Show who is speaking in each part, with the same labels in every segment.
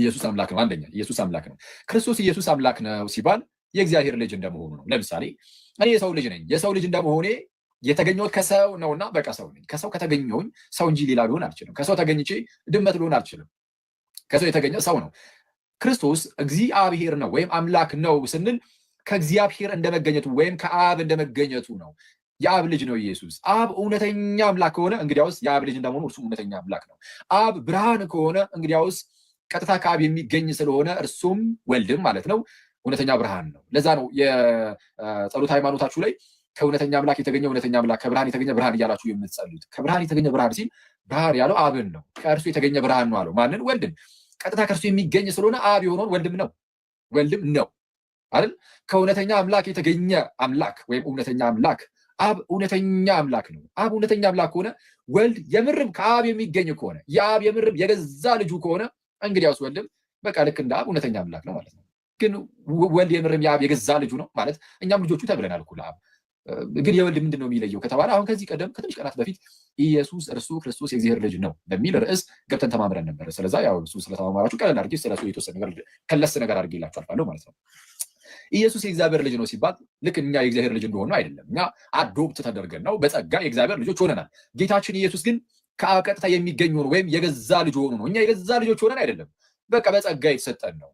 Speaker 1: ኢየሱስ አምላክ ነው። አንደኛ ኢየሱስ አምላክ ነው። ክርስቶስ ኢየሱስ አምላክ ነው ሲባል የእግዚአብሔር ልጅ እንደመሆኑ ነው። ለምሳሌ እኔ የሰው ልጅ ነኝ። የሰው ልጅ እንደመሆኔ የተገኘሁት ከሰው ነውና በቃ ሰው ነኝ። ከሰው ከተገኘሁኝ ሰው እንጂ ሌላ ልሆን አልችልም። ከሰው ተገኝቼ ድመት ልሆን አልችልም። ከሰው የተገኘ ሰው ነው። ክርስቶስ እግዚአብሔር ነው ወይም አምላክ ነው ስንል ከእግዚአብሔር እንደመገኘቱ ወይም ከአብ እንደመገኘቱ ነው። የአብ ልጅ ነው ኢየሱስ። አብ እውነተኛ አምላክ ከሆነ እንግዲያውስ የአብ ልጅ እንደመሆኑ እርሱ እውነተኛ አምላክ ነው። አብ ብርሃን ከሆነ እንግዲያውስ ቀጥታ ከአብ የሚገኝ ስለሆነ እርሱም ወልድም ማለት ነው እውነተኛ ብርሃን ነው። ለዛ ነው የጸሎት ሃይማኖታችሁ ላይ ከእውነተኛ አምላክ የተገኘ እውነተኛ አምላክ ከብርሃን የተገኘ ብርሃን እያላችሁ የምትጸሉት። ከብርሃን የተገኘ ብርሃን ሲል ብርሃን ያለው አብን ነው። ከእርሱ የተገኘ ብርሃን ነው አለው ማንን? ወልድን። ቀጥታ ከእርሱ የሚገኝ ስለሆነ አብ የሆነውን ወልድም ነው ወልድም ነው አይደል? ከእውነተኛ አምላክ የተገኘ አምላክ ወይም እውነተኛ አምላክ አብ እውነተኛ አምላክ ነው። አብ እውነተኛ አምላክ ከሆነ ወልድ የምርም ከአብ የሚገኝ ከሆነ የአብ የምርም የገዛ ልጁ ከሆነ እንግዲያውስ ወልድም በቃ ልክ እንደ አብ እውነተኛ አምላክ ነው ማለት ነው። ግን ወልድ የምርም የአብ የገዛ ልጁ ነው ማለት እኛም ልጆቹ ተብለናል እኮ ለአብ። ግን የወልድ ምንድን ነው የሚለየው ከተባለ አሁን ከዚህ ቀደም ከትንሽ ቀናት በፊት ኢየሱስ እርሱ ክርስቶስ የእግዚአብሔር ልጅ ነው በሚል ርዕስ ገብተን ተማምረን ነበር። ስለዛ ያው እሱ ስለተማማራችሁ ቀለል አድርጌ ስለሱ የተወሰነ ነገር ከለስ ነገር አድርጌ ላችሁ ማለት ነው። ኢየሱስ የእግዚአብሔር ልጅ ነው ሲባል ልክ እኛ የእግዚአብሔር ልጅ እንደሆነ አይደለም። እኛ አዶብት ተደርገን ነው በጸጋ የእግዚአብሔር ልጆች ሆነናል። ጌታችን ኢየሱስ ግን ከቀጥታ የሚገኝ ሆኖ ወይም የገዛ ልጅ ሆኖ ነው። እኛ የገዛ ልጆች ሆነን አይደለም፣ በቃ በጸጋ የተሰጠን ነው።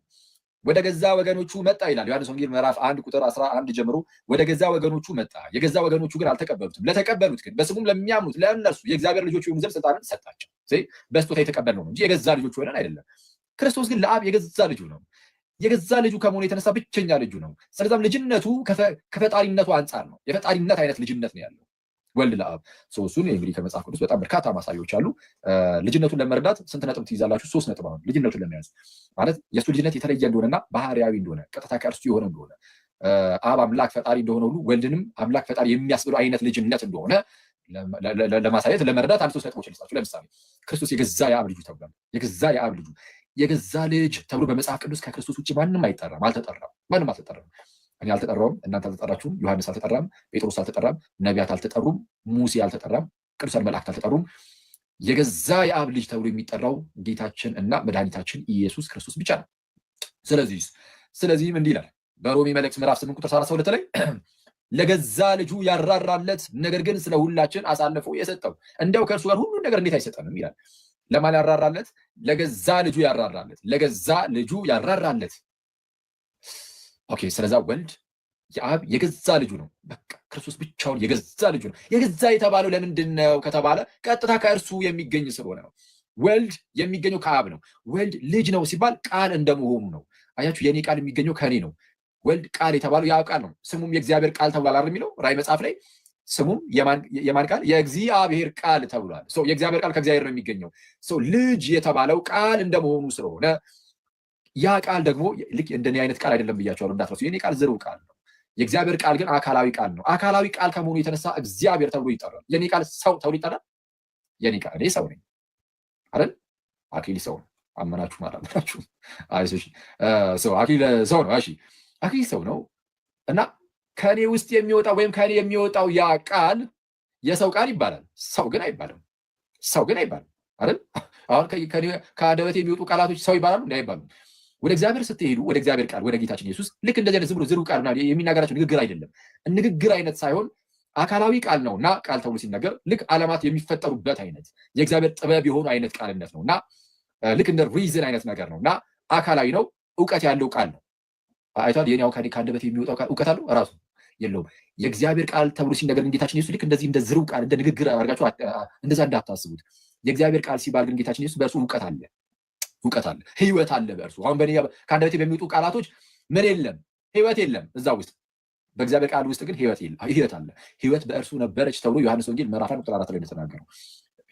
Speaker 1: ወደ ገዛ ወገኖቹ መጣ ይላል ዮሐንስ ወንጌል ምዕራፍ አንድ ቁጥር አስራ አንድ ጀምሮ ወደ ገዛ ወገኖቹ መጣ። የገዛ ወገኖቹ ግን አልተቀበሉትም። ለተቀበሉት ግን በስሙም ለሚያምኑት ለእነርሱ የእግዚአብሔር ልጆች የሆኑ ዘንድ ስልጣንን ሰጣቸው። በስጦታ የተቀበል ነው እንጂ የገዛ ልጆች ሆነን አይደለም። ክርስቶስ ግን ለአብ የገዛ ልጁ ነው። የገዛ ልጁ ከመሆኑ የተነሳ ብቸኛ ልጁ ነው። ስለዚም ልጅነቱ ከፈጣሪነቱ አንጻር ነው። የፈጣሪነት አይነት ልጅነት ነው ያለው ወልድ ለአብ ሶሱን እንግዲህ ከመጽሐፍ ቅዱስ በጣም በርካታ ማሳያዎች አሉ። ልጅነቱን ለመረዳት ስንት ነጥብ ትይዛላችሁ? ሶስት ነጥብ። አሁን ልጅነቱን ለመያዝ ማለት የእሱ ልጅነት የተለየ እንደሆነና ባህርያዊ እንደሆነ ቀጥታ ከእርሱ የሆነ እንደሆነ አብ አምላክ ፈጣሪ እንደሆነ ሁሉ ወልድንም አምላክ ፈጣሪ የሚያስብለው አይነት ልጅነት እንደሆነ ለማሳየት ለመረዳት አንድ ሶስት ነጥቦች ልስጣችሁ። ለምሳሌ ክርስቶስ የገዛ የአብ ልጁ ተብሏል። የገዛ የአብ ልጁ የገዛ ልጅ ተብሎ በመጽሐፍ ቅዱስ ከክርስቶስ ውጭ ማንም አይጠራም፣ አልተጠራም፣ ማንም አልተጠራም። እኔ አልተጠራውም፣ እናንተ አልተጠራችሁም፣ ዮሐንስ አልተጠራም፣ ጴጥሮስ አልተጠራም፣ ነቢያት አልተጠሩም፣ ሙሴ አልተጠራም፣ ቅዱሳን መላእክት አልተጠሩም። የገዛ የአብ ልጅ ተብሎ የሚጠራው ጌታችን እና መድኃኒታችን ኢየሱስ ክርስቶስ ብቻ ነው። ስለዚህ ስለዚህም እንዲህ ይላል በሮሜ መልእክት ምዕራፍ ስምንት ቁጥር ሰላሳ ሁለት ላይ ለገዛ ልጁ ያራራለት ነገር ግን ስለ ሁላችን አሳልፎ የሰጠው እንዲያው ከእርሱ ጋር ሁሉን ነገር እንዴት አይሰጠንም ይላል። ለማን ያራራለት? ለገዛ ልጁ ያራራለት፣ ለገዛ ልጁ ያራራለት ኦኬ። ስለዛ ወልድ የአብ የገዛ ልጁ ነው። በቃ ክርስቶስ ብቻውን የገዛ ልጁ ነው። የገዛ የተባለው ለምንድን ነው ከተባለ ቀጥታ ከእርሱ የሚገኝ ስለሆነ ነው። ወልድ የሚገኘው ከአብ ነው። ወልድ ልጅ ነው ሲባል ቃል እንደመሆኑ ነው። አያችሁ፣ የእኔ ቃል የሚገኘው ከእኔ ነው። ወልድ ቃል የተባለው የአብ ቃል ነው። ስሙም የእግዚአብሔር ቃል ተብሏል አይደል የሚለው ራዕይ መጽሐፍ ላይ ስሙም የማን ቃል? የእግዚአብሔር ቃል ተብሏል። የእግዚአብሔር ቃል ከእግዚአብሔር ነው የሚገኘው። ልጅ የተባለው ቃል እንደመሆኑ ስለሆነ ያ ቃል ደግሞ ልክ እንደኔ አይነት ቃል አይደለም ብያቸዋለሁ፣ እንዳትረሱ። የኔ ቃል ዝርው ቃል ነው። የእግዚአብሔር ቃል ግን አካላዊ ቃል ነው። አካላዊ ቃል ከመሆኑ የተነሳ እግዚአብሔር ተብሎ ይጠራል። የኔ ቃል ሰው ተብሎ ይጠራል። የኔ ቃል እኔ ሰው ነኝ አይደል? አክሊል ሰው ነው። አመናችሁ አመናችሁም አላመናችሁም፣ አክሊል ሰው ነው። እሺ አክሊል ሰው ነው እና ከእኔ ውስጥ የሚወጣው ወይም ከእኔ የሚወጣው ያ ቃል የሰው ቃል ይባላል። ሰው ግን አይባልም። ሰው ግን አይባልም አይደል? አሁን ከአንደበቴ የሚወጡ ቃላቶች ሰው ይባላሉ? እንዳይባሉ ወደ እግዚአብሔር ስትሄዱ ወደ እግዚአብሔር ቃል ወደ ጌታችን ኢየሱስ ልክ እንደዚህ አይነት ዝም ብሎ ቃል የሚናገራቸው ንግግር አይደለም። ንግግር አይነት ሳይሆን አካላዊ ቃል ነው እና ቃል ተብሎ ሲነገር ልክ ዓለማት የሚፈጠሩበት አይነት የእግዚአብሔር ጥበብ የሆኑ አይነት ቃልነት ነው እና ልክ እንደ ሪዝን አይነት ነገር ነው እና አካላዊ ነው፣ እውቀት ያለው ቃል ነው። አይቷል። የኔ አሁን ከአንደበት የሚወጣው ቃል እውቀት አለው ራሱ የለውም። የእግዚአብሔር ቃል ተብሎ ሲነገር ግን ጌታችን ኢየሱስ ልክ እንደዚህ እንደ ዝሩ ቃል እንደ ንግግር አድርጋችሁ እንደዛ እንዳታስቡት። የእግዚአብሔር ቃል ሲባል ግን ጌታችን ኢየሱስ በእርሱ እውቀት አለ እውቀት አለ፣ ህይወት አለ በእርሱ። አሁን በእኔ ከአንደበቴ በሚወጡ ቃላቶች ምን የለም፣ ህይወት የለም እዛ ውስጥ። በእግዚአብሔር ቃል ውስጥ ግን ህይወት አለ። ህይወት በእርሱ ነበረች ተብሎ ዮሐንስ ወንጌል ምዕራፍ አንድ ቁጥር አራት ላይ እንደተናገረው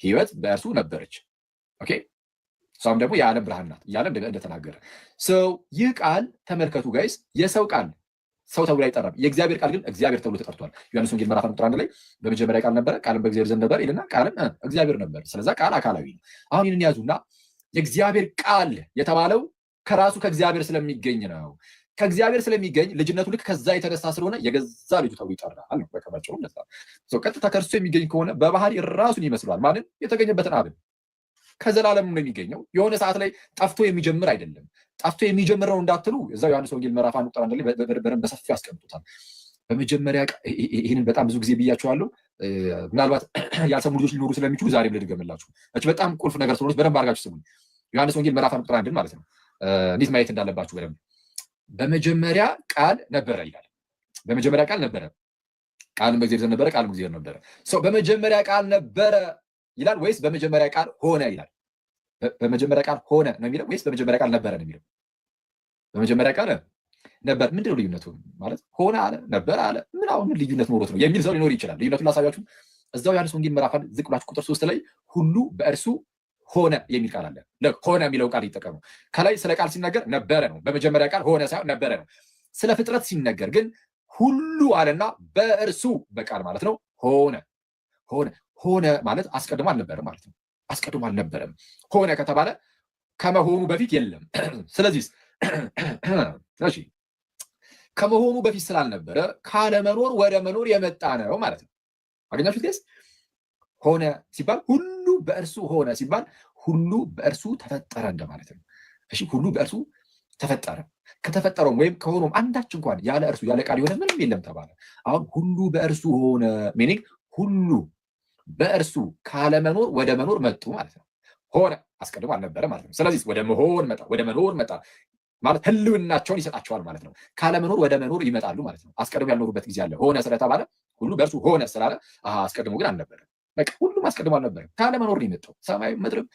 Speaker 1: ህይወት በእርሱ ነበረች፣ ኦኬ እሷም ደግሞ የዓለም ብርሃን ናት እያለ እንደተናገረ ሰው ይህ ቃል ተመልከቱ ጋይስ፣ የሰው ቃል ሰው ተብሎ አይጠራም። የእግዚአብሔር ቃል ግን እግዚአብሔር ተብሎ ተጠርቷል። ዮሐንስ ወንጌል ምዕራፍ ቁጥር አንድ ላይ በመጀመሪያ ቃል ነበረ፣ ቃልም በእግዚአብሔር ዘንድ ነበር ይልና ቃልም እግዚአብሔር ነበር። ስለዛ ቃል አካላዊ ነው። አሁን ይህንን ያዙና የእግዚአብሔር ቃል የተባለው ከራሱ ከእግዚአብሔር ስለሚገኝ ነው። ከእግዚአብሔር ስለሚገኝ ልጅነቱ ልክ ከዛ የተነሳ ስለሆነ የገዛ ልጁ ተብሎ ይጠራል። በከባቸው ቀጥታ ከእርሱ የሚገኝ ከሆነ በባህሪ ራሱን ይመስሏል። ማንን? የተገኘበትን አብን። ከዘላለም ነው የሚገኘው። የሆነ ሰዓት ላይ ጠፍቶ የሚጀምር አይደለም። ጠፍቶ የሚጀምር ነው እንዳትሉ እዛው ዮሐንስ ወንጌል ምዕራፍ አንድ ቁጥር አንድ ላይ በሰፊው ያስቀምጡታል። በመጀመሪያ ይህንን በጣም ብዙ ጊዜ ብያቸዋለሁ። ምናልባት ያልሰሙ ልጆች ሊኖሩ ስለሚችሉ ዛሬም ልድገምላችሁ። እች በጣም ቁልፍ ነገር ስለሆነች በደንብ አድርጋችሁ ስሙኝ። ዮሐንስ ወንጌል ምዕራፍ ቁጥር አንድን ማለት ነው እንዴት ማየት እንዳለባችሁ በደንብ በመጀመሪያ ቃል ነበረ ይላል። በመጀመሪያ ቃል ነበረ፣ ቃልም በእግዚአብሔር ነበረ፣ ቃልም እግዚአብሔር ነበረ። ሰው በመጀመሪያ ቃል ነበረ ይላል ወይስ በመጀመሪያ ቃል ሆነ ይላል? በመጀመሪያ ቃል ሆነ ነው የሚለው ወይስ በመጀመሪያ ቃል ነበረ ነው የሚለው? በመጀመሪያ ቃል ነበር። ምንድነው ልዩነቱ? ማለት ሆነ አለ ነበር አለ ምን አሁን ልዩነት ኖሮት ነው የሚል ሰው ሊኖር ይችላል። ልዩነቱን ላሳያችሁ። እዛው ዮሐንስ ወንጌል ምዕራፍ ዝቅ ብላችሁ ቁጥር ሶስት ላይ ሁሉ በእርሱ ሆነ የሚል ቃል አለ። ሆነ የሚለው ቃል ይጠቀሙ። ከላይ ስለ ቃል ሲነገር ነበረ ነው። በመጀመሪያ ቃል ሆነ ሳይሆን ነበረ ነው። ስለ ፍጥረት ሲነገር ግን ሁሉ አለና በእርሱ በቃል ማለት ነው ሆነ ሆነ ሆነ ማለት አስቀድሞ አልነበረም ማለት ነው። አስቀድሞ አልነበረም። ሆነ ከተባለ ከመሆኑ በፊት የለም። ስለዚህ እሺ ከመሆኑ በፊት ስላልነበረ ካለመኖር ወደ መኖር የመጣ ነው ማለት ነው። አገኛችሁት ስ ሆነ ሲባል ሁሉ በእርሱ ሆነ ሲባል ሁሉ በእርሱ ተፈጠረ እንደማለት ነው። እሺ ሁሉ በእርሱ ተፈጠረ። ከተፈጠረውም ወይም ከሆኖም አንዳች እንኳን ያለ እርሱ ያለ ቃል የሆነ ምንም የለም ተባለ። አሁን ሁሉ በእርሱ ሆነ ሚኒንግ ሁሉ በእርሱ ካለመኖር ወደ መኖር መጡ ማለት ነው። ሆነ አስቀድሞ አልነበረ ማለት ነው። ስለዚህ ወደ መሆን መጣ፣ ወደ መኖር መጣ። ማለት ህልውናቸውን ይሰጣቸዋል ማለት ነው። ካለመኖር ወደ መኖር ይመጣሉ ማለት ነው። አስቀድሞ ያልኖሩበት ጊዜ አለ። ሆነ ስለተባለ ሁሉ በእርሱ ሆነ ስላለ አስቀድሞ ግን አልነበረም። በቃ ሁሉም አስቀድሞ አልነበረም። ካለመኖር ነው የመጣው። ሰማይ ምድርም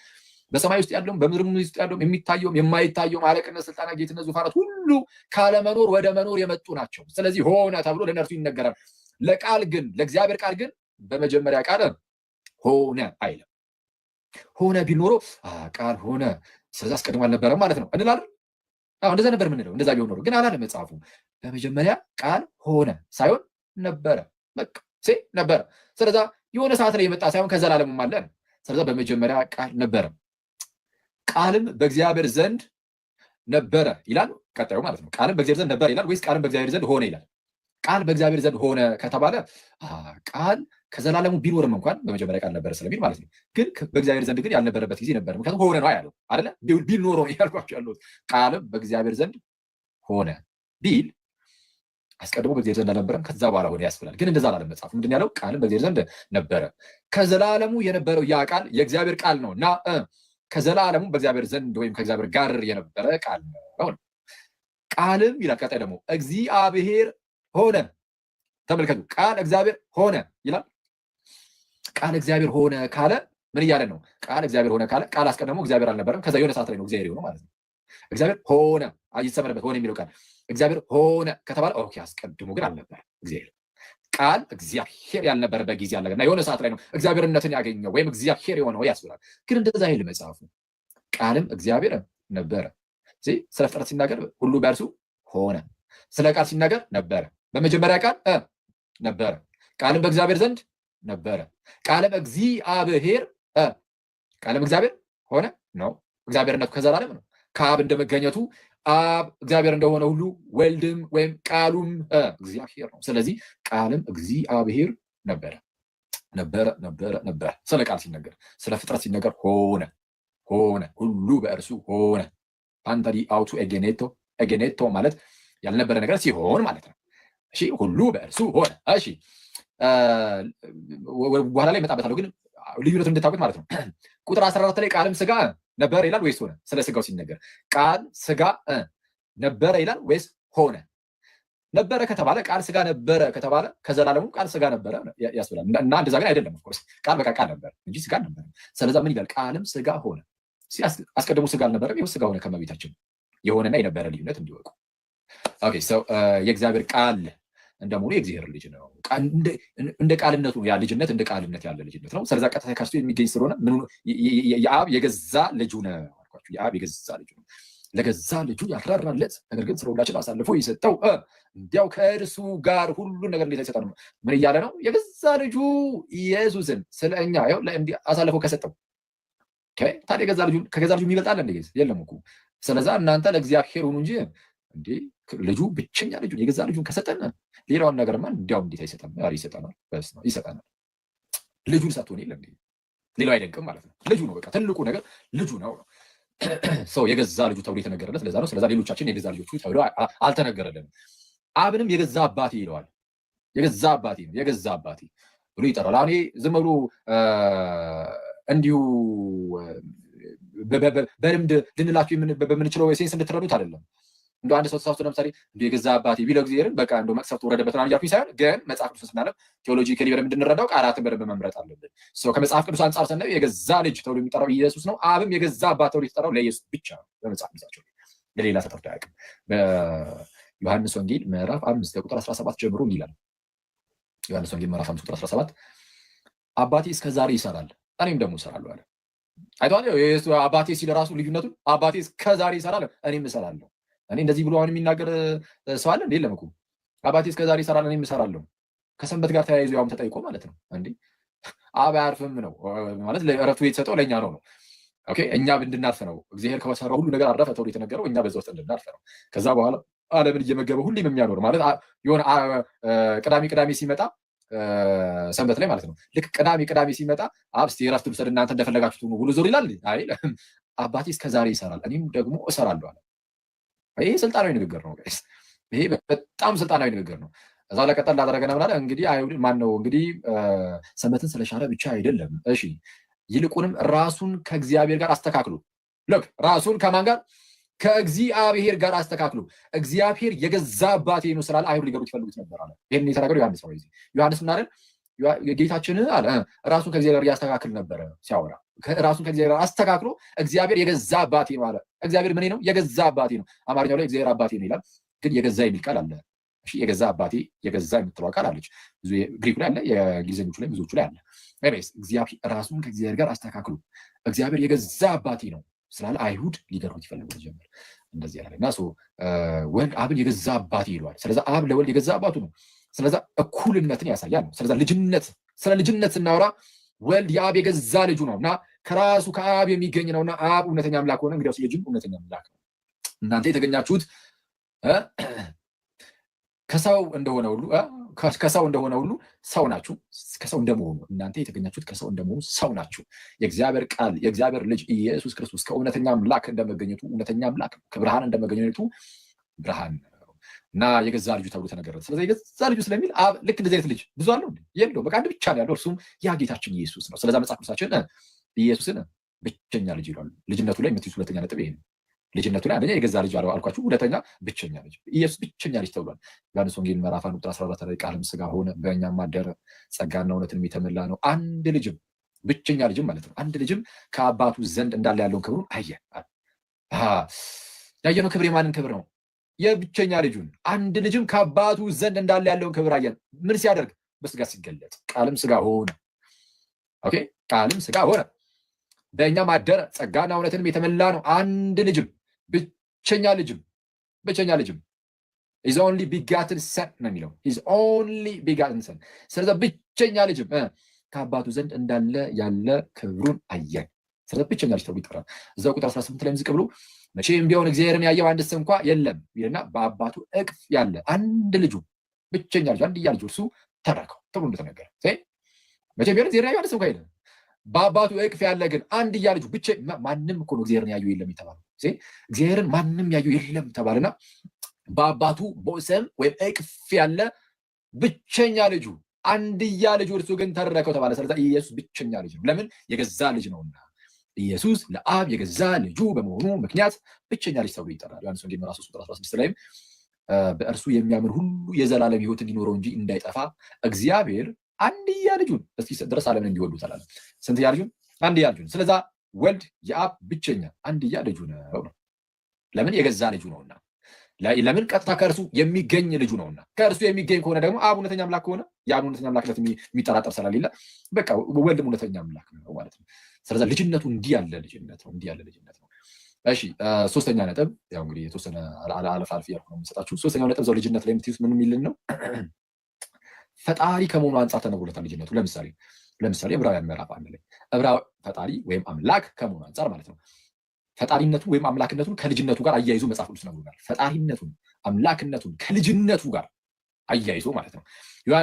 Speaker 1: በሰማይ ውስጥ ያለውም በምድርም ውስጥ ያለውም የሚታየውም የማይታየውም አለቅነት፣ ስልጣና፣ ጌትነት፣ ዙፋናት ሁሉ ካለመኖር ወደ መኖር የመጡ ናቸው። ስለዚህ ሆነ ተብሎ ለእነርሱ ይነገራል። ለቃል ግን ለእግዚአብሔር ቃል ግን በመጀመሪያ ቃል ሆነ አይለም። ሆነ ቢል ኖሮ ቃል ሆነ ስለዚህ አስቀድሞ አልነበረም ማለት ነው እንላለን። አሁ እንደዛ ነበር የምንለው። እንደዛ ቢሆን ኖሮ ግን አላለ መጽሐፉ። በመጀመሪያ ቃል ሆነ ሳይሆን ነበረ በቃ ሴ ነበረ። ስለዛ የሆነ ሰዓት ላይ የመጣ ሳይሆን ከዘላለሙም አለ ስለዛ በመጀመሪያ ቃል ነበረ፣ ቃልም በእግዚአብሔር ዘንድ ነበረ ይላል ቀጣዩ ማለት ነው። ቃልም በእግዚአብሔር ዘንድ ነበረ ይላል ወይስ ቃልም በእግዚአብሔር ዘንድ ሆነ ይላል? ቃል በእግዚአብሔር ዘንድ ሆነ ከተባለ ቃል ከዘላለሙ ቢኖርም እንኳን በመጀመሪያ ቃል ነበረ ስለሚል ማለት ነው። ግን በእግዚአብሔር ዘንድ ግን ያልነበረበት ጊዜ ነበር። ምክንያቱም ሆነ ነው ያለው አለ ቢል ነው ያልኳቸው ያለት ቃልም በእግዚአብሔር ዘንድ ሆነ ቢል አስቀድሞ በእግዚአብሔር ዘንድ አልነበረም፣ ከዛ በኋላ ሆነ ያስብላል። ግን እንደዛ ላለ መጽሐፉ። ምንድን ያለው? ቃልም በእግዚአብሔር ዘንድ ነበረ። ከዘላለሙ የነበረው ያ ቃል የእግዚአብሔር ቃል ነው እና ከዘላለሙ በእግዚአብሔር ዘንድ ወይም ከእግዚአብሔር ጋር የነበረ ቃል ነው። ቃልም ይላል ቀጣይ ደግሞ እግዚአብሔር ሆነ። ተመልከቱ፣ ቃል እግዚአብሔር ሆነ ይላል ቃል እግዚአብሔር ሆነ ካለ ምን እያለ ነው? ቃል እግዚአብሔር ሆነ ካለ ቃል አስቀድሞ እግዚአብሔር አልነበረም። ከዛ የሆነ ሰዓት ላይ ነው እግዚአብሔር የሆነው ማለት ነው። እግዚአብሔር ሆነ ይሰመርበት ሆነ የሚለው ቃል እግዚአብሔር ሆነ ከተባለ ኦኬ፣ አስቀድሞ ግን አልነበረም እግዚአብሔር ቃል እግዚአብሔር ያልነበረበት ጊዜ አለ እና የሆነ ሰዓት ላይ ነው እግዚአብሔርነትን ያገኘው ወይም እግዚአብሔር የሆነው ያስብላል። ግን እንደዛ ይል መጽሐፉ ቃልም እግዚአብሔር ነበረ። ስለ ፍጥረት ሲናገር ሁሉ በእርሱ ሆነ። ስለ ቃል ሲናገር ነበረ፣ በመጀመሪያ ቃል ነበረ፣ ቃልም በእግዚአብሔር ዘንድ ነበረ። ቃለም እግዚአብሔር ቃለም እግዚአብሔር ሆነ ነው። እግዚአብሔርነቱ ከዘላለም ነው። ከአብ እንደመገኘቱ አብ እግዚአብሔር እንደሆነ ሁሉ ወልድም ወይም ቃሉም እግዚአብሔር ነው። ስለዚህ ቃልም እግዚአብሔር ነበረ ነበረ ነበረ ነበረ። ስለ ቃል ሲነገር፣ ስለ ፍጥረት ሲነገር ሆነ ሆነ፣ ሁሉ በእርሱ ሆነ። ፓንተሪ አውቱ ኤጌኔቶ ኤጌኔቶ ማለት ያልነበረ ነገር ሲሆን ማለት ነው። እሺ፣ ሁሉ በእርሱ ሆነ። እሺ በኋላ ላይ እመጣበታለሁ፣ ግን ልዩነቱን እንድታውቁት ማለት ነው። ቁጥር አስራ አራት ላይ ቃልም ስጋ ነበረ ይላል ወይስ ሆነ? ስለ ስጋው ሲነገር ቃል ስጋ ነበረ ይላል ወይስ ሆነ? ነበረ ከተባለ ቃል ስጋ ነበረ ከተባለ ከዘላለሙ ቃል ስጋ ነበረ ያስብላል። እና እንደዛ ግን አይደለም። ኮርስ ቃል በቃ ቃል ነበር እንጂ ስጋ ነበረ። ስለዛ ምን ይላል? ቃልም ስጋ ሆነ። አስቀድሞ ስጋ አልነበረም፣ ይኸው ስጋ ሆነ። ከመቤታችን የሆነና የነበረ ልዩነት እንዲወቁ የእግዚአብሔር ቃል እንደመሆኑ የእግዚአብሔር ልጅ ነው። እንደ ቃልነቱ ያ ልጅነት እንደ ቃልነት ያለ ልጅነት ነው። ስለዛ ቀጥታ ከእርሱ የሚገኝ ስለሆነ የአብ የገዛ ልጁ ነው። የአብ የገዛ ልጁ ነው። ለገዛ ልጁ ያራራለት ነገር ግን ስለ አሳልፎ የሰጠው እንዲያው ከእርሱ ጋር ሁሉን ነገር እንዴት ይሰጣ ነው። ምን እያለ ነው? የገዛ ልጁ ኢየሱስን ስለ እኛ ው አሳልፎ ከሰጠው ታዲያ ከገዛ ልጁ የሚበልጣል እንደ የለም እኮ ስለዛ እናንተ ለእግዚአብሔር ሁኑ እንጂ እንዴ ልጁ ብቸኛ ልጁ የገዛ ልጁን ከሰጠን ሌላውን ነገርማ እንዲያውም እንዴት አይሰጠም? ይሰጠናል፣ ይሰጠናል። ልጁን ሰጥቶን የለ እንዴ? ሌላው አይደንቅም ማለት ነው። ልጁ ነው በቃ ትልቁ ነገር ልጁ ነው። ሰው የገዛ ልጁ ተብሎ የተነገረለት ስለዛ ነው። ስለዛ ሌሎቻችን የገዛ ልጆቹ ተብሎ አልተነገረልንም። አብንም የገዛ አባቴ ይለዋል። የገዛ አባቴ ነው የገዛ አባቴ ብሎ ይጠራል። አሁን ዝም ብሎ እንዲሁ በልምድ ልንላቸው በምንችለው ሴንስ እንድትረዱት አይደለም። እንደ አንድ ሰው ተሳስቶ ለምሳሌ እንደ የገዛ አባቴ ቢለው እግዚአብሔርን በቃ እንደ መቅሰፍት ወረደበት ምናምን እያልኩኝ ሳይሆን ግን መጽሐፍ ቅዱስ ስናነብ ቴዎሎጂካሊ በደንብ እንድንረዳው ቃላትን በደንብ መምረጥ አለብን። ከመጽሐፍ ቅዱስ አንጻር ስናየው የገዛ ልጅ ተብሎ የሚጠራው ኢየሱስ ነው። አብም የገዛ አባት ተብሎ የተጠራው ለኢየሱስ ብቻ ነው። በመጽሐፍ ቅዱሳቸው ለሌላ ተጠርቶ አያውቅም። በዮሐንስ ወንጌል ምዕራፍ አምስት ቁጥር አስራ ሰባት ጀምሮ ይላል። ዮሐንስ ወንጌል ምዕራፍ አምስት ቁጥር አስራ ሰባት አባቴ እስከ ዛሬ ይሰራል እኔም ደግሞ እሰራለሁ አለ። አይተዋል። አባቴ ሲል ራሱ ልዩነቱን አባቴ እስከ ዛሬ ይሰራል እኔም እሰራለሁ እኔ እንደዚህ ብሎ አሁን የሚናገር ሰው አለ እንዴ? የለም እኮ አባቴ ዛሬ ይሰራል፣ እኔም እሰራለሁ። ከሰንበት ጋር ተያይዞ ያውም ተጠይቆ ማለት ነው። እንዴ አብ አያርፍም ነው ማለት እረፍቱ የተሰጠው ለእኛ ነው ነው ኦኬ እኛ እንድናርፍ ነው። እግዚአብሔር ከሰራው ሁሉ ነገር አረፈ ተብሎ የተነገረው እኛ በዛ ውስጥ እንድናርፍ ነው። ከዛ በኋላ ዓለምን እየመገበ ሁሌም የሚያኖር ማለት የሆነ ቅዳሜ ቅዳሜ ሲመጣ ሰንበት ላይ ማለት ነው። ልክ ቅዳሜ ቅዳሜ ሲመጣ አብስ የራስ ትብሰድ እናንተ እንደፈለጋችሁት ብሎ ዞር ይላል። አይ አባቴ እስከ ዛሬ ይሰራል እኔም ደግሞ እሰራለሁ አለ። ይሄ ስልጣናዊ ንግግር ነው። ይሄ በጣም ስልጣናዊ ንግግር ነው። እዛ ለቀጠ እንዳደረገ ነብላለ እንግዲህ አይሁድ ማን ነው እንግዲህ ሰንበትን ስለሻረ ብቻ አይደለም። እሺ ይልቁንም ራሱን ከእግዚአብሔር ጋር አስተካክሉ። ልክ ራሱን ከማን ጋር ከእግዚአብሔር ጋር አስተካክሉ። እግዚአብሔር የገዛ አባቴ ነው ስላለ አይሁድ ሊገሩት ይፈልጉት ነበር አለ። ይህን የተናገሩ ዮሐንስ ነው። ዮሐንስ ምናለን ጌታችን አለ ራሱን ከእግዚአብሔር ጋር ያስተካክል ነበረ ሲያወራ ራሱን ከእግዚአብሔር አስተካክሎ እግዚአብሔር የገዛ አባቴ ነው አለ። እግዚአብሔር ምን ነው? የገዛ አባቴ ነው። አማርኛው ላይ እግዚአብሔር አባቴ ነው ይላል፣ ግን የገዛ የሚል ቃል አለ። እሺ፣ የገዛ አባቴ የገዛ የምትለው ቃል አለች። ብዙ ግሪኩ ላይ አለ፣ የእንግሊዝኞቹ ላይ ብዙዎቹ ላይ አለ። ኤኒዌይስ እግዚአብሔር ራሱን ከእግዚአብሔር ጋር አስተካክሎ እግዚአብሔር የገዛ አባቴ ነው ስላለ አይሁድ ሊገርሙት ይፈልጉ ጀመር። እንደዚህ ያለ እና ወልድ አብን የገዛ አባቴ ይለዋል። ስለዚህ አብ ለወልድ የገዛ አባቱ ነው። ስለዚህ እኩልነትን ያሳያል ነው። ስለዛ ልጅነት ስለ ልጅነት ስናወራ ወልድ የአብ የገዛ ልጁ ነው እና ከራሱ ከአብ የሚገኝ ነው እና አብ እውነተኛ አምላክ ሆነ። እንግዲያውስ ልጅም እውነተኛ አምላክ ነው። እናንተ የተገኛችሁት ከሰው እንደሆነ ሁሉ ከሰው እንደሆነ ሁሉ ሰው ናችሁ። ከሰው እንደመሆኑ እናንተ የተገኛችሁት ከሰው እንደመሆኑ ሰው ናችሁ። የእግዚአብሔር ቃል የእግዚአብሔር ልጅ ኢየሱስ ክርስቶስ ከእውነተኛ አምላክ እንደመገኘቱ እውነተኛ አምላክ ከብርሃን እንደመገኘቱ ብርሃን እና የገዛ ልጁ ተብሎ ተነገረ። ስለዚህ የገዛ ልጁ ስለሚል አብ ልክ እንደዚህ አይነት ልጅ ብዙ አለው የለው፣ በቃ አንድ ብቻ ነው ያለው፣ እርሱም ያ ጌታችን ኢየሱስ ነው። ስለዚ መጽሐፍ ቅዱሳችን ኢየሱስን ብቸኛ ልጅ ይሏል። ልጅነቱ ላይ የምትይዙ ሁለተኛ ነጥብ ይሄ ነው። ልጅነቱ ላይ አንደኛ የገዛ ልጅ አልኳችሁ፣ ሁለተኛ ብቸኛ ልጅ ኢየሱስ ብቸኛ ልጅ ተብሏል። ዮሐንስ ወንጌል ምዕራፍ አንድ ቁጥር አስራ አራት ላይ ቃልም ስጋ ሆነ በእኛ ማደረ ጸጋና እውነትን የተመላ ነው፣ አንድ ልጅም ብቸኛ ልጅም ማለት ነው። አንድ ልጅም ከአባቱ ዘንድ እንዳለ ያለውን ክብሩን አየ። ያየነው ክብር የማንን ክብር ነው? የብቸኛ ልጁን አንድ ልጅም ከአባቱ ዘንድ እንዳለ ያለውን ክብር አየን። ምን ሲያደርግ? በስጋ ሲገለጥ ቃልም ስጋ ሆነ። ኦኬ ቃልም ስጋ ሆነ፣ በእኛም አደረ፣ ጸጋና እውነትንም የተመላ ነው። አንድ ልጅም ብቸኛ ልጅም ብቸኛ ልጅም ኢዝ ኦንሊ ቢጋትን ሰን ነው የሚለው ኢዝ ኦንሊ ቢጋትን ሰን። ስለዚ ብቸኛ ልጅም ከአባቱ ዘንድ እንዳለ ያለ ክብሩን አየን። ስለዚ ብቸኛ ልጅ ተብሎ ይጠራል። እዛው ቁጥር 18 ላይ ዝቅ ብሎ መቼም ቢሆን እግዚአብሔርን ያየው አንድስ እንኳ የለም ይልና በአባቱ እቅፍ ያለ አንድ ልጁ ብቸኛ ልጁ አንድያ ልጁ እርሱ ተረከው ተብሎ እንደተነገረ መቼም ቢሆን እግዚአብሔር ያየው አንድስ እንኳ የለም። በአባቱ እቅፍ ያለ ግን አንድያ ልጁ ብቻ ማንም እኮ ነው እግዚአብሔርን ያየው የለም የተባለው። እግዚአብሔርን ማንም ያየው የለም ተባለና በአባቱ በሰም ወይም እቅፍ ያለ ብቸኛ ልጁ አንድያ ልጁ እርሱ ግን ተረከው ተባለ። ስለዚ ኢየሱስ ብቸኛ ልጅ ነው። ለምን? የገዛ ልጅ ነውና ኢየሱስ ለአብ የገዛ ልጁ በመሆኑ ምክንያት ብቸኛ ልጅ ተብሎ ይጠራል። ዮሐንስ ወንጌል ምዕራፍ 3 ቁጥር 16 ላይም በእርሱ የሚያምን ሁሉ የዘላለም ሕይወት እንዲኖረው እንጂ እንዳይጠፋ እግዚአብሔር አንድያ ልጁን እስኪሰጥ ድረስ ዓለምን እንዲወዱ ተላለ። ስንትያ ልጁን? አንድያ ልጁን። ስለዛ ወልድ የአብ ብቸኛ አንድያ ልጁ ነው። ለምን? የገዛ ልጁ ነውና። ለምን? ቀጥታ ከእርሱ የሚገኝ ልጁ ነውና። ከእርሱ የሚገኝ ከሆነ ደግሞ አብ እውነተኛ አምላክ ከሆነ የአብ እውነተኛ አምላክነት የሚጠራጠር ስለሌለ በቃ ወልድም እውነተኛ አምላክ ነው ማለት ነው። ስለዚ ልጅነቱ እንዲህ ያለ ልጅነት ነው፣ እንዲህ ያለ ልጅነት ነው። እሺ ሶስተኛ ነጥብ ያው እንግዲህ የተወሰነ አለፍ አልፍ እያልኩ ነው የምሰጣችሁ። ሶስተኛው ነጥብ እዛው ልጅነት ላይ የምትይዙት ምን የሚልን ነው? ፈጣሪ ከመሆኑ አንጻር ተነግሮለታል ልጅነቱ። ለምሳሌ ለምሳሌ ዕብራውያን ምዕራፍ አንድ ላይ ዕብራዊ ፈጣሪ ወይም አምላክ ከመሆኑ አንጻር ማለት ነው ፈጣሪነቱ ወይም አምላክነቱን ከልጅነቱ ጋር አያይዞ መጽሐፍ ቅዱስ ነግሮናል። ፈጣሪነቱን አምላክነቱን ከልጅነቱ ጋር አያይዞ ማለት ነው።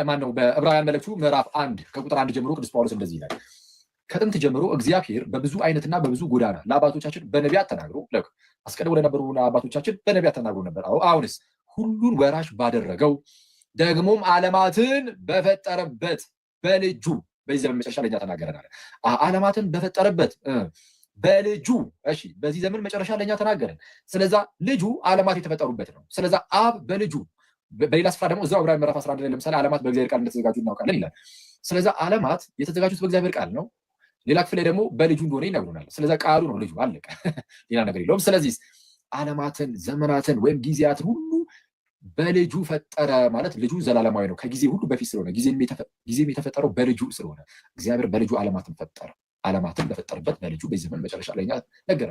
Speaker 1: ማነው በዕብራውያን መልእክቱ ምዕራፍ አንድ ከቁጥር አንድ ጀምሮ ቅዱስ ጳውሎስ እንደዚህ ይላል ከጥንት ጀምሮ እግዚአብሔር በብዙ አይነትና በብዙ ጎዳና ለአባቶቻችን በነቢያት ተናግሮ አስቀድሞ ለነበሩ አባቶቻችን በነቢያት ተናግሮ ነበር። አሁንስ ሁሉን ወራሽ ባደረገው ደግሞም ዓለማትን በፈጠረበት በልጁ በዚህ ዘመን መጨረሻ ለኛ ተናገረናል። ዓለማትን በፈጠረበት በልጁ እሺ፣ በዚህ ዘመን መጨረሻ ለኛ ተናገረን። ስለዛ ልጁ ዓለማት የተፈጠሩበት ነው። ስለዛ አብ በልጁ በሌላ ስፍራ ደግሞ እዛው ዕብራውያን ምዕራፍ 11 ላይ ለምሳሌ ዓለማት በእግዚአብሔር ቃል እንደተዘጋጁ እናውቃለን ይላል። ስለዛ ዓለማት የተዘጋጁት በእግዚአብሔር ቃል ነው። ሌላ ክፍል ደግሞ በልጁ እንደሆነ ይነግሩናል። ስለዚ ቃሉ ነው ልጁ አለቀ፣ ሌላ ነገር የለውም። ስለዚህ ዓለማትን ዘመናትን ወይም ጊዜያትን ሁሉ በልጁ ፈጠረ ማለት ልጁ ዘላለማዊ ነው፣ ከጊዜ ሁሉ በፊት ስለሆነ ጊዜም የተፈጠረው በልጁ ስለሆነ እግዚአብሔር በልጁ ዓለማትን ፈጠረ። ዓለማትን በፈጠረበት በልጁ በዚህ ዘመን መጨረሻ ላይ ነገረ።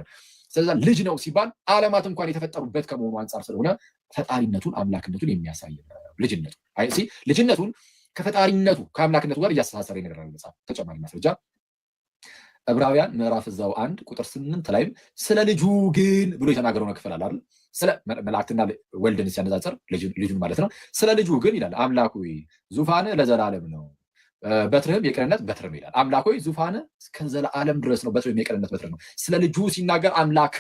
Speaker 1: ስለዚ ልጅ ነው ሲባል ዓለማት እንኳን የተፈጠሩበት ከመሆኑ አንጻር ስለሆነ ፈጣሪነቱን አምላክነቱን የሚያሳይ ልጅነቱ ልጅነቱን ከፈጣሪነቱ ከአምላክነቱ ጋር እያስተሳሰረ ይነግራል መጽሐፍ። ተጨማሪ ማስረጃ ዕብራውያን ምዕራፍ እዛው አንድ ቁጥር ስምንት ላይም ስለ ልጁ ግን ብሎ የተናገረው ነው ክፍል አለ ስለ መላእክትና ወልድን ሲያነጻጽር ልጁን ማለት ነው። ስለ ልጁ ግን ይላል አምላኩ ዙፋን ለዘላለም ነው በትርህም የቅንነት በትርም ይላል አምላክ ሆይ ዙፋን እስከ ዘላለም ድረስ ነው በትርም የቅንነት በትር ነው። ስለ ልጁ ሲናገር አምላክ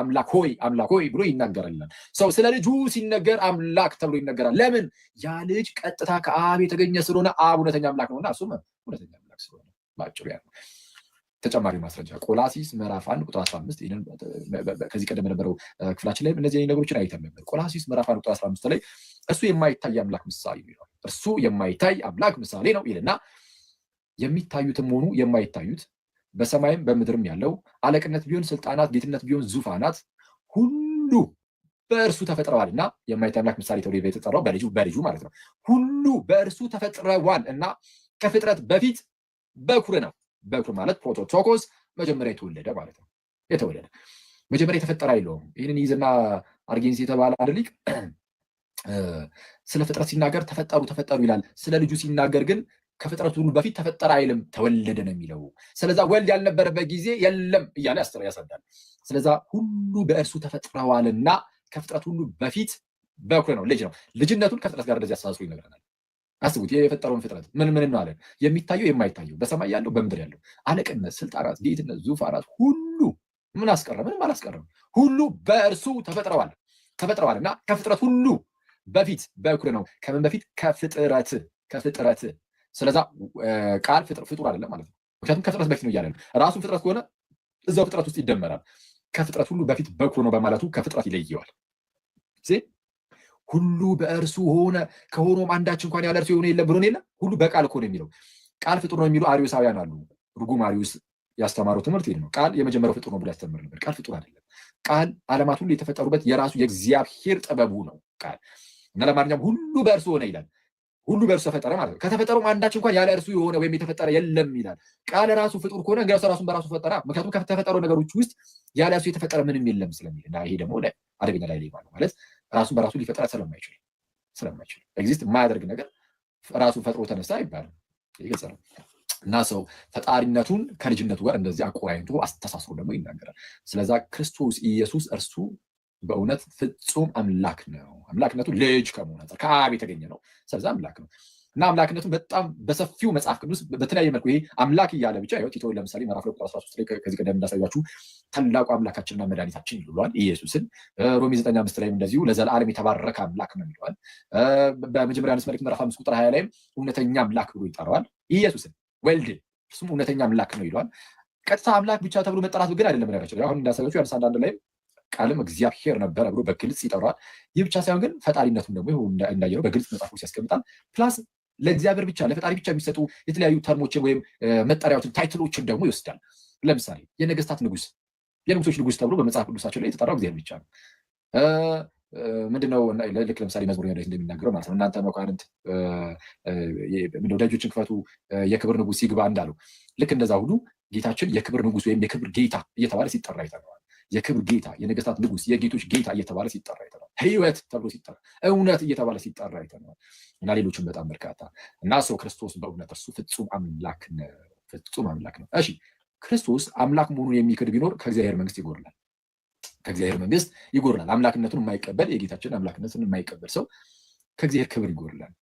Speaker 1: አምላክ ሆይ አምላክ ሆይ ብሎ ይናገራል ሰው ስለ ልጁ ሲነገር አምላክ ተብሎ ይነገራል። ለምን? ያ ልጅ ቀጥታ ከአብ የተገኘ ስለሆነ አብ እውነተኛ አምላክ ነውና እሱም እውነተኛ አምላክ ስለሆነ ባጭሩ ያ ነው። ተጨማሪ ማስረጃ ቆላሲስ ምዕራፍ አንድ ቁጥር 15 ይህንን ከዚህ ቀደም የነበረው ክፍላችን ላይ እነዚህ ነገሮችን አይተም ነበር። ቆላሲስ ምዕራፍ አንድ ቁጥር 15 ላይ እሱ የማይታይ አምላክ ምሳሌ ነው እርሱ የማይታይ አምላክ ምሳሌ ነው ይልና የሚታዩትም ሆኑ የማይታዩት በሰማይም በምድርም ያለው አለቅነት ቢሆን ስልጣናት፣ ጌትነት ቢሆን ዙፋናት ሁሉ በእርሱ ተፈጥረዋል እና የማይታይ አምላክ ምሳሌ ተብሎ የተጠራው በልጁ በልጁ ማለት ነው። ሁሉ በእርሱ ተፈጥረዋል እና ከፍጥረት በፊት በኩር ነው በኩር ማለት ፕሮቶቶኮስ መጀመሪያ የተወለደ ማለት ነው። የተወለደ መጀመሪያ የተፈጠረ አይለውም። ይህንን ይዝና አርጌንስ የተባለ አንድ ሊቅ ስለ ፍጥረት ሲናገር ተፈጠሩ ተፈጠሩ ይላል። ስለ ልጁ ሲናገር ግን ከፍጥረቱ ሁሉ በፊት ተፈጠረ አይልም፣ ተወለደ ነው የሚለው። ስለዛ ወልድ ያልነበረበት ጊዜ የለም እያለ ያስረ ያሳዳል። ስለዛ ሁሉ በእርሱ ተፈጥረዋልና ከፍጥረት ሁሉ በፊት በኩር ነው፣ ልጅ ነው። ልጅነቱን ከፍጥረት ጋር እንደዚህ አስተሳስሮ ይነግረናል። አስቡት የፈጠረውን ፍጥረት ምን ምን ነው የሚታየው የማይታየው፣ በሰማይ ያለው በምድር ያለው፣ አለቅነት፣ ስልጣናት፣ ጌትነት፣ ዙፋናት ሁሉ ምን አስቀረ? ምንም አላስቀረም። ሁሉ በእርሱ ተፈጥረዋል ተፈጥረዋል እና ከፍጥረት ሁሉ በፊት በኩል ነው። ከምን በፊት? ከፍጥረት ከፍጥረት። ስለዛ ቃል ፍጡር አይደለም ማለት ነው። ምክንያቱም ከፍጥረት በፊት ነው እያለ ራሱን ፍጥረት ከሆነ እዛው ፍጥረት ውስጥ ይደመራል። ከፍጥረት ሁሉ በፊት በኩር ነው በማለቱ ከፍጥረት ይለየዋል። ሁሉ በእርሱ ሆነ፣ ከሆኖም አንዳች እንኳን ያለ እርሱ የሆነ የለም ብሎን የለም። ሁሉ በቃል እኮ ነው የሚለው። ቃል ፍጡር ነው የሚሉ አሪዮሳውያን አሉ። ርጉም አሪዮስ ያስተማረው ትምህርት ይሄ ነው። ቃል የመጀመሪያው ፍጡር ነው ብሎ ያስተምር ነበር። ቃል ፍጡር አይደለም። ቃል ዓለማት ሁሉ የተፈጠሩበት የራሱ የእግዚአብሔር ጥበቡ ነው። ቃል እና ለማንኛውም ሁሉ በእርሱ ሆነ ይላል። ሁሉ በእርሱ ተፈጠረ ማለት ነው። ከተፈጠረውም አንዳች እንኳን ያለ እርሱ የሆነ ወይም የተፈጠረ የለም ይላል። ቃል ራሱ ፍጡር ከሆነ እንግዲያውስ ራሱን በራሱ ፈጠራ። ምክንያቱም ከተፈጠረው ነገሮች ውስጥ ያለ እርሱ የተፈጠረ ምንም የለም ስለሚል እና ይሄ ደግሞ አደገኛ ላይ ማለት ራሱን በራሱ ሊፈጥር ስለማይችል ስለማይችል ኤግዚስት የማያደርግ ነገር ራሱ ፈጥሮ ተነሳ አይባልም። ይገጽ ነው እና ሰው ፈጣሪነቱን ከልጅነቱ ጋር እንደዚህ አቆራኝቶ አስተሳስሮ ደግሞ ይናገራል። ስለዛ ክርስቶስ ኢየሱስ እርሱ በእውነት ፍጹም አምላክ ነው። አምላክነቱ ልጅ ከመሆን አንጻር ከአብ የተገኘ ነው። ስለዛ አምላክ ነው። እና አምላክነቱን በጣም በሰፊው መጽሐፍ ቅዱስ በተለያየ መልኩ ይሄ አምላክ እያለ ብቻ ይኸው ቲቶ ለምሳሌ ምዕራፍ ሁለት ቁጥር 13 ላይ ከዚህ ቀደም እንዳሳያችሁ ታላቁ አምላካችንና መድኃኒታችን ይሏል ኢየሱስን። ሮሚ ዘጠኝ አምስት ላይም እንደዚሁ ለዘላለም የተባረከ አምላክ ነው ይለዋል። በመጀመሪያ ዮሐንስ መልእክት ምዕራፍ አምስት ቁጥር ሀያ ላይም እውነተኛ አምላክ ብሎ ይጠራዋል ኢየሱስን ወልድ፣ እሱም እውነተኛ አምላክ ነው ይለዋል። ቀጥታ አምላክ ብቻ ተብሎ መጠራቱ ግን አይደለም ነገራቸው። አሁን እንዳሳያችሁ ዮሐንስ አንዳንድ ላይም ቃልም እግዚአብሔር ነበረ ብሎ በግልጽ ይጠራዋል። ይህ ብቻ ሳይሆን ግን ፈጣሪነቱን ደግሞ እንዳየነው በግልጽ መጽሐፎች ያስቀምጣል ፕላስ ለእግዚአብሔር ብቻ ለፈጣሪ ብቻ የሚሰጡ የተለያዩ ተርሞችን ወይም መጠሪያዎችን ታይትሎችን ደግሞ ይወስዳል። ለምሳሌ የነገስታት ንጉስ፣ የንጉሶች ንጉስ ተብሎ በመጽሐፍ ቅዱሳቸው ላይ የተጠራው እግዚአብሔር ብቻ ነው። ምንድነው? ልክ ለምሳሌ መዝሙር ላይ እንደሚናገረው ማለት ነው። እናንተ መኳንንት ደጆችን ክፈቱ የክብር ንጉስ ይግባ እንዳለው ልክ እንደዛ ሁሉ ጌታችን የክብር ንጉስ ወይም የክብር ጌታ እየተባለ ሲጠራ ይጠራዋል። የክብር ጌታ፣ የነገስታት ንጉስ፣ የጌቶች ጌታ እየተባለ ሲጠራ አይተናል። ህይወት ተብሎ ሲጠራ እውነት እየተባለ ሲጠራ አይተናል እና ሌሎችም በጣም በርካታ እና ሰው ክርስቶስ በእውነት እርሱ ፍጹም አምላክ ነው። ፍጹም አምላክ ነው። እሺ ክርስቶስ አምላክ መሆኑን የሚክድ ቢኖር ከእግዚአብሔር መንግስት ይጎርላል። ከእግዚአብሔር መንግስት ይጎርላል። አምላክነቱን የማይቀበል የጌታችን አምላክነትን የማይቀበል ሰው ከእግዚአብሔር ክብር ይጎርላል።